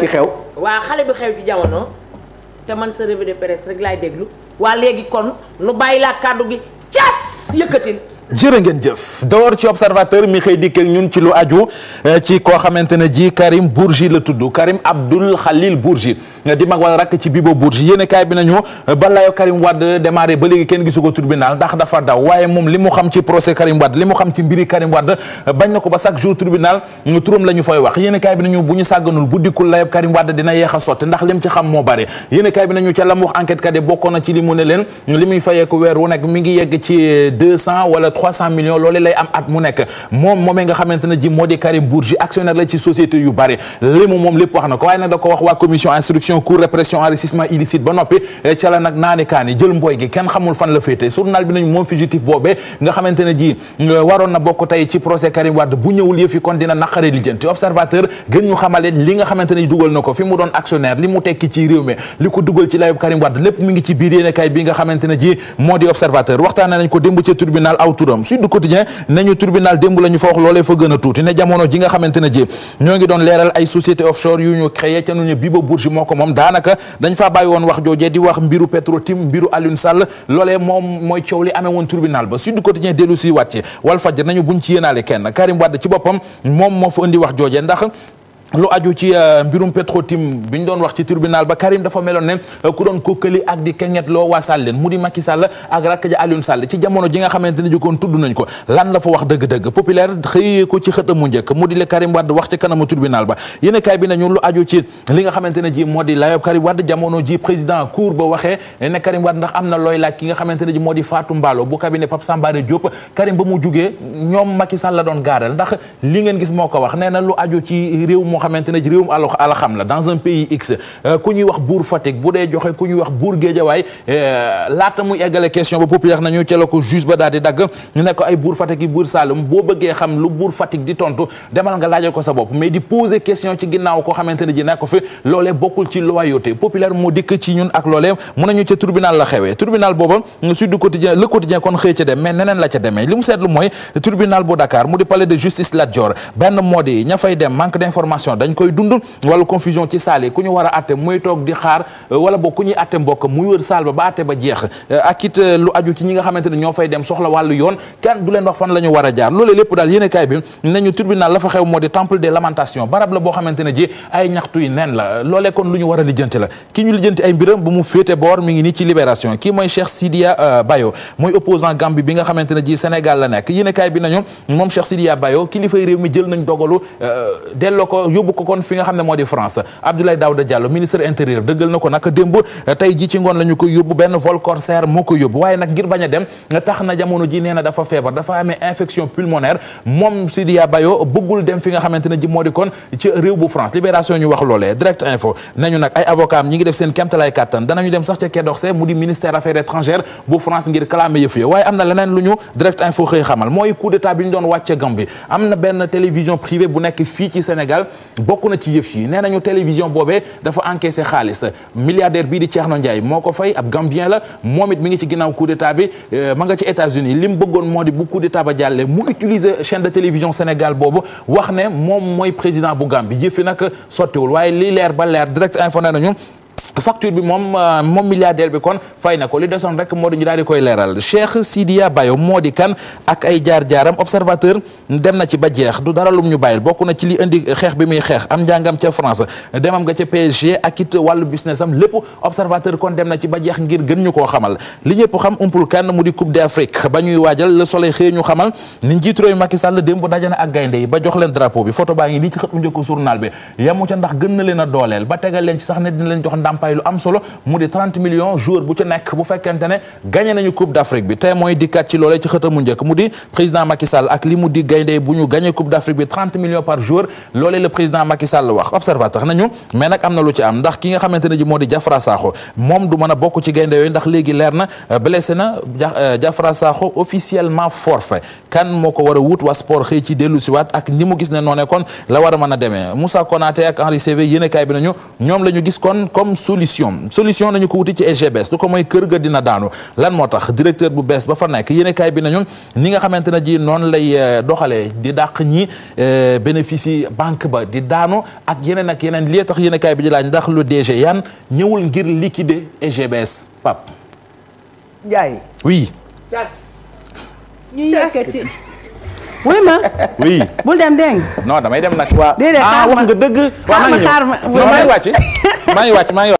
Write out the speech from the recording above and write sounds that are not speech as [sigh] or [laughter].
ci xew. waa xale bi xew ci jamono te man sa revue de presse rek laay déglu waa léegi kon nu bàyyi laa kàddu gi caas yëkkatil. jërë ngeen jëf door ci observateur mi xëy dikk ñun ci lu aju eh, ci koo xamante ne ji Karim Bourgi la tudd Karim Abdoul Khalil Bourgi eh, di mag wala rakk ci Bibo Bourgi yéen kaay bi nañu eh, balaayo Karim Wade démarré ba léegi kenn gisu ko tribunal ndax dafa daw waaye moom li mu xam ci procès Karim Wade li mu xam ci mbiri Karim Wade bañ na ko ba chaque jour tribunal mm, turam la fay wax yéen kaay bi nañu bu ñu sàgganul bu dikkul layob Karim Wade dina yeex a sotti ndax lim ci xam moo bare yéen kaay 300 millions lolé lay am at mu nek mom momé nga xamanténi ne ji moo Karim Bourgi actionnaire la ci société yu bari li mu moom lépp wax na ko waaye nag wax wa commission instruction cour répression enrichissement illicite ba noppi eh, ca la nak nané kaani jël mboy gi ken xamul fan la fété journal bi nañ moom fugitif boobee nga xamanténi ne ji eh, waroon na bokk tay ci procès Karim Wade bu ñëwul yëf yi kon dina naqare lijjanti observateur gën ñu xamalé li nga xamanténi duggal nako fi mu don actionnaire li mu tekki ci réew mi liko duggal ci layub Karim Wade lépp mi ngi ci biir yéene kay bi nga xamanténi ne ji moo observateur waxtaan nañ ko démb ci tribunal aw turam Sud Quotidien nañu tribunal démb la ñu fa wax loolee fa gën a tuuti ne jamono ji nga xamante ne ji ñoo ngi doon leeral ay société offshore yu ñu créé ca nuñu Bibo Bourgi moo ko moom daanaka dañ faa bàyyi woon wax joojee di wax mbiru Petrotim mbiru Alioune Sall loolee moom mooy coow li amee woon tribunal ba Sud Quotidien dellu si wàcce Walf Fadjri nañu buñ ci yéenaale kenn Karim Wade ci boppam moom moo fa indi wax joojee ndax lu aju ci euh, mbirum Petrotim bi ñu doon wax ci tribunal ba Karim dafa meloon ne euh, ku doon kokkali ak di keñet loo waasal leen mu di Macky Sall ak rakk ji Aliou Sall ci jamono ji nga xamante ni jikkoon tudd nañ ko lan la fa wax dëgg-dëgg populaire xëyee ko ci xët mu njëkk mu di le Karim Wade wax ci kanamu tribunal ba yéen kay bi nañu lu aju ci nga xamante ne ji moo di layob Karim Wade jamono ji président cour ba waxee ne Karim Wade ndax am na looy laaj ki nga xamante ne ji moo di faatu Mballo bu cabinet Pape Sambare Diop Karim ba mu jugee ñoom Macky Sall la doon gaaral ndax li ngeen gis moo ko wax nee na lu aju ci réew xamante ne réewum ala xam la dans un pays X euh, ku wax bour Fatick bu dee joxe ku wax bour Géejawaay euh, laata muy égalé question ba populaire nañu ci lako ko juge ba daal di dagg ñu ne ay bour Fatick yi bour Saalum bo bëggé xam lu bour Fatick di tontu demal nga laajal ko sa bop, mais di poser question ci ginnaw ko xamante ne ji nekk ko fi lolé bokul ci loyauté populaire moo dikk ci ñun ak lolé, mun nañu ci tribunal la xewé, tribunal booba Sud du Quotidien Le Quotidien kon xëy ci dem mais neneen la ci demee li mu seetlu mooy tribunal bo Dakar mu di palais de justice la Dior ben moo ña fay dem manque d'information confusion dañ koy dund wala confusion ci saal kuñu wara ñu moy tok di xaar euh, wala boo ku ñuy atte muy wër saal ba ba atte ba jeex euh, ak it euh, lu aju ci ñi nga xamante ne fay dem soxla walu yoon kan du leen wax fan lañu wara jaar lolé lepp daal yéene kaay bi nañu tribunal la fa xew moo di temple des lamentations barab la bo xamante ji ay ñaxtu yi neen la lolé kon luñu wara war la ki ñu lijjanti ay mbiram bu mu fété bor mi ngi ni ci libération ki moy Cheikh Sidia Bayo moy opposant gambi bi nga xamante ji Sénégal la nek yéene kaay bi nañu mom Cheikh Sidia Bayo kilifay réew mi jël nañ dogolu delloo ko yóbbu kon fi nga xamne modi France Abdoulaye Daouda Diallo ministre intérieur dëggal nako nak dembu tay ji ci ngone la ko yóbbu ben vol corsaire moko ko yóbbu nak ngir dem taxna jamono ji nee dafa feebar dafa amee infection pulmonaire mom sidia Bayo bëggul dem fi nga xamante ji kon ci rew bu France libération ñu wax lolé direct info nañu nak ay avocat ñi ngi def kemtalay katan da nañu dem sax ci Quai modi ministère affaires étrangères bu France ngir clamé yëf yi waaye am leneen direct info xey xamal moy coup d'état bi ñu doon wacce Gambie am ben télévision privée bu nek fi ci Sénégal bokk na ci yëf yi nee nañu télévision boobee dafa encaissé xaalisa milliardaire bii di Thierno Ndiaye moo ko fay ab Gambien la moom it mi ngi ci ginnaaw coup d'état bi euh, ma nga ci États-Unis li mu bëggoon moo di bu coup d'état ba jàllee mu utiliser chaîne de télévision Sénégal boobu wax ne moom mooy président bu Gambie yëf yi nag sottiwul waaye li leer ba leer direct info nañu facture bi moom euh, moom milliardaire bi kon fay na ko li desoon rek moo di ñu daal di koy leeral Cheikh Sidiya Bayo moo di kan ak ay jaar-jaaram observateur dem na ci ba jeex du dara lum ñu bàyyil bokk na ci li indi xeex bi muy xeex am njàngam ca France demam nga ca PSG ak it wàllu business am lépp observateur kon dem na ci ba jeex ngir gën ñu koo xamal li ñëpp xam umpul kan mu di Coupe d'Afrique ba ñuy waajal le soleil xëy ñu xamal ni njiitu réew Macky Sall démb ba jox leen drapeau bi photo baa ngi nii ci xët a dooleel ba leen ci sax ne dina leen jox ndam campagne lu am solo mu 30 millions joueur bu ci vous bu qu'un ne gagner nañu coupe d'Afrique. Afrique bi tey mooy dikkat ci loolee ci xëta mu njëkk mu président Macky Sall ak li mu di gayndey bu coupe d'Afrique, bi 30 millions par jour l'olé le président Macky Sall wax observateur nañu mais nag am na lu ci am ndax ki nga xamante de ji moo di Diafra Sakho moom du mën a bokk ci gaynde yooyu ndax légui leer na euh, blessé na euh, Diafra Sakho officiellement forfait kan moko wara wut sport xëy ci dellu si waat ak ni gis ne noonee kon la wara a mën Moussa Konaté ak Henri Saivet yéenekaay bi nañu ñoom la gis kon comme solution solution nañu ko wuti ci SGBS lu ko mooy kër ga dina daanu lan moo tax directeur bu bees ba fa nekk yéenekaay bi nañu ñi nga xamante ne ji noonu lay euh, doxalee di daq ñi euh, bénéfice banque ba di daanu ak yeneen ak yeneen li tax yéenekaay bi di laaj lu DG yan ñëwul ngir liquider SGBS Pape Ndiaye oui ñu yëkkati wuy ma. oui bul dem dégg non damay dem nag. waaw ah, wax nga dëgg. waaw maa ngi ñëw [laughs] maa ngi wàcc maa ngi wàcc maa ngi